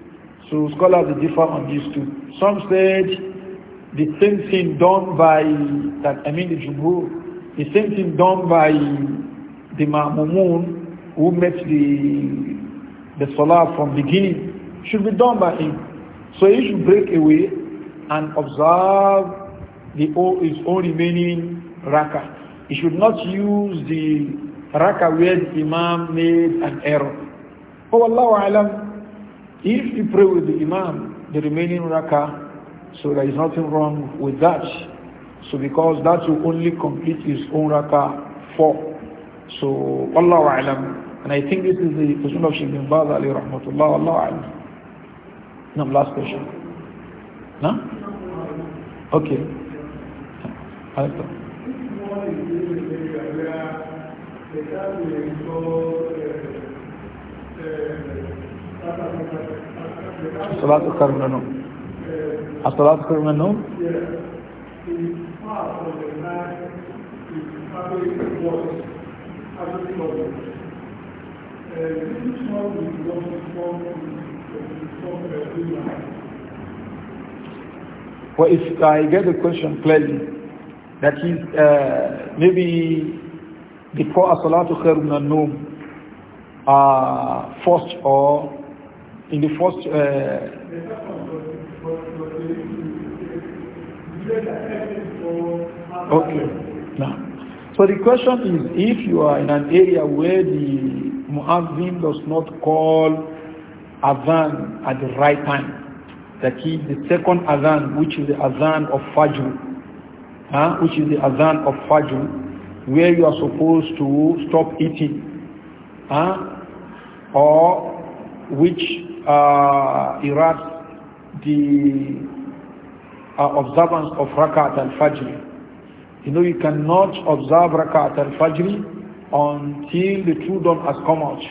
Speaker 1: So scholars differ on these two. Some said the same thing done by that I mean the Jumhur the same thing done by the Ma'mumun who met the, the Salah from beginning should be done by him. So he should break away and observe the, his own remaining raka. He should not use the raka where the Imam made an error. Oh Allah alam, if you pray with the Imam, the remaining raka. so there is nothing wrong with that. So because that will only complete his own rakah four. So Allah alam. And I think this is the position of Sheikh bin Baz Ali rahmatullah. Allah alam. No, last question. No? Okay.
Speaker 2: Salat al-Qarm al-Nawm. Salat al-Qarm uh,
Speaker 1: well, if I get the question clearly, that is uh, maybe the first or in the first uh, okay now so the question is, if you are in an area where the muazzin does not call azan at the right time, that is the second azan, which is the azan of Fajr, huh? which is the azan of Fajr, where you are supposed to stop eating, huh? or which uh, erupts the uh, observance of Rakat al-Fajr, you know, you cannot observe Rakat al-Fajr until the true dawn has come out.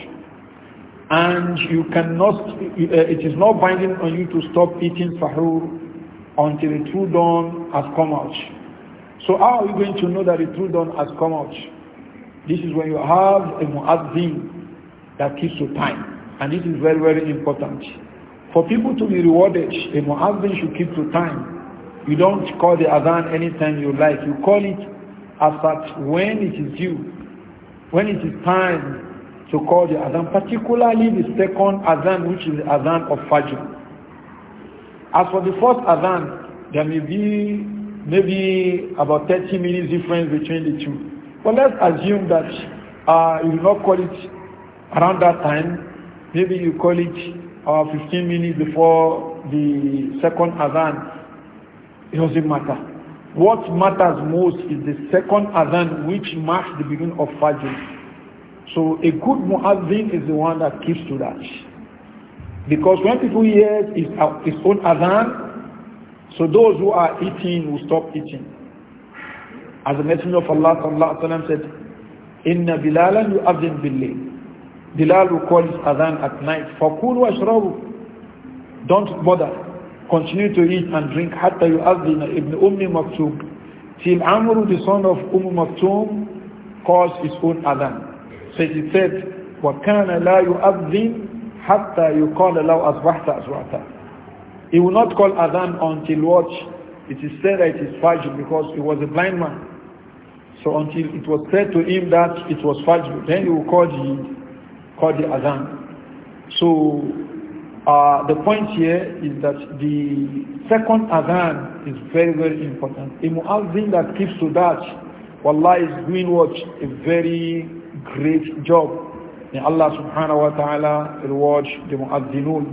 Speaker 1: And you cannot, uh, it is not binding on you to stop eating sahur until the true dawn has come out. So how are you going to know that the true dawn has come out? This is when you have a muazzin that keeps your time. And this is very, very important. For people to be rewarded, a muazzin should keep to time. You don't call the adhan anytime you like. You call it as such when it is due, when it is time to call the adhan, particularly the second adhan, which is the adhan of Fajr. As for the first adhan, there may be maybe about 30 minutes difference between the two. But let's assume that uh, you will not call it around that time. Maybe you call it uh, 15 minutes before the second adhan it doesn't matter. What matters most is the second adhan which marks the beginning of Fajr. So a good muazzin is the one that keeps to that. Because when people hear his, his own adhan, so those who are eating will stop eating. As the Messenger of Allah sallallahu said, "Inna Bilalan yu'adhin bil-layl." Bilal will call his adhan at night. فَكُلُوا وَاشْرَبُوا Don't bother continue to eat and drink hatta yu'adhina ibn Ummi Maktoum till Amru the son of Umm calls his own adhan. So he said, وَكَانَ لَا يُؤَذِّنْ حَتَّى يُقَالَ لَوْ أَصْبَحْتَ أَصْبَحْتَ He will not call adhan until what? It is said that it is Fajr because he was a blind man. So until it was said to him that it was Fajr, then he will call the, call the adhan. So uh, the point here is that the second adhan is very, very important. A muazzin that keeps to that, wallah is doing what? A very great job. May Allah subhanahu wa ta'ala reward the muazzinun.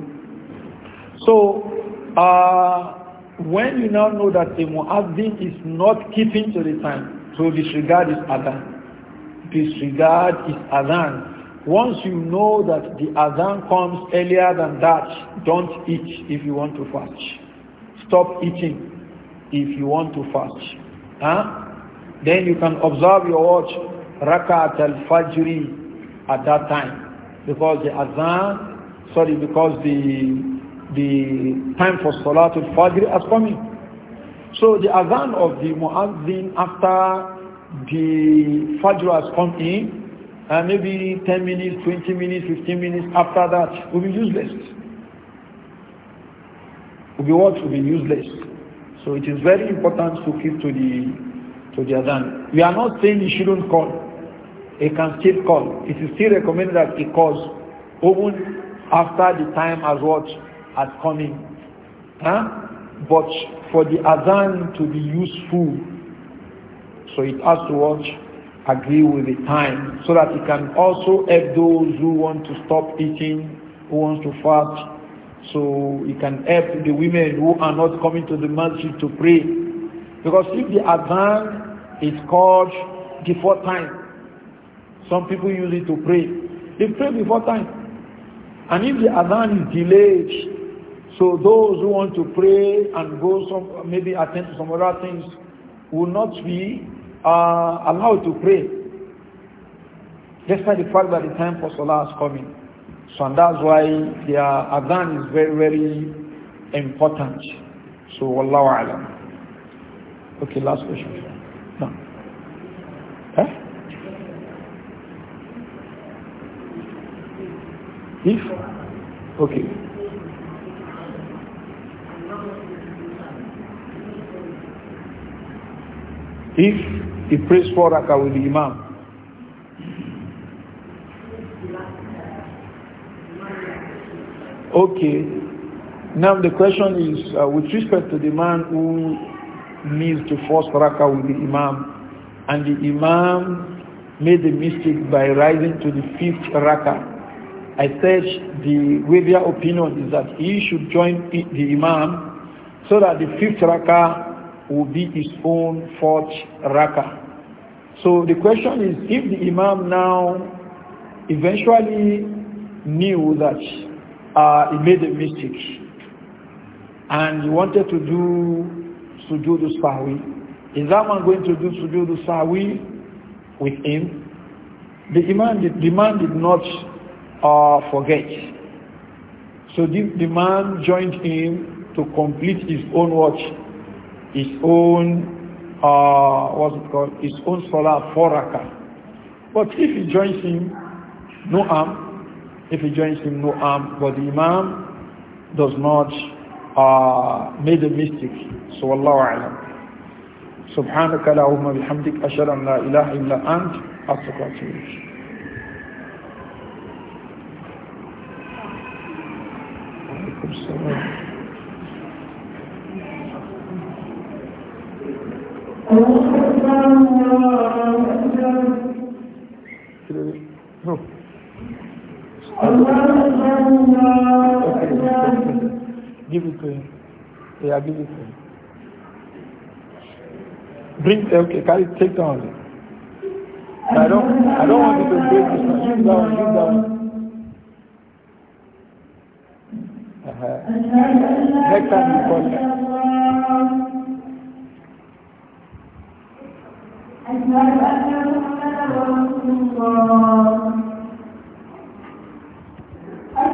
Speaker 1: So, uh, when you now know that a muazzin is not keeping to the time, so disregard his adhan. Disregard his adhan. Once you know that the Adhan comes earlier than that, don't eat if you want to fast. Stop eating if you want to fast. Huh? Then you can observe your watch, Rakat al-Fajri at that time. Because the Adhan, sorry, because the the time for Salatul Fajr has come in. So the Adhan of the Muazzin after the Fajr has come in, uh, maybe 10 minutes, 20 minutes, 15 minutes after that will be useless. Will be what? Will be useless. So it is very important to keep to the to the adhan. We are not saying he shouldn't call. He can still call. It is still recommended that he calls even after the time has what has come in. Huh? But for the adhan to be useful, so it has to watch agree with the time so that it can also help those who want to stop eating, who want to fast. So it can help the women who are not coming to the masjid to pray. Because if the adhan is called before time, some people use it to pray. They pray before time. And if the adhan is delayed, so those who want to pray and go some, maybe attend to some other things will not be are uh, allowed to pray despite the fact that the time for Salah is coming. So and that's why their adhan is very, very important. So Allah Alam. Okay, last question. No. Huh? If? Okay. If he prays four rakah with the imam. Okay. Now the question is, uh, with respect to the man who missed the force rakah with the imam, and the imam made a mistake by rising to the fifth rakah. I said the Wavia opinion is that he should join the imam so that the fifth rakah will be his own fourth rakah. So the question is if the Imam now eventually knew that uh, he made a mistake and he wanted to do sujood sahwi, is that man going to do sujood sahwi with him? The Imam did, the man did not uh, forget. So the, the man joined him to complete his own watch, his own uh, what's it called, his own salah four rakah. But if he joins him, no harm. If he joins him, no harm. But the imam does not uh, made a mistake. So Allah alam. سبحانك اللهم بحمدك أشهد أن لا إله إلا أنت أستغفرك وأتوب إليك Give it to him. Yeah, give it to him. Bring, eh, okay, carry, take down.
Speaker 2: I don't, I don't want you to break this one. Shoot down, shoot down. Uh-huh. Next time you call me. أشهد أن محمدا رسول الله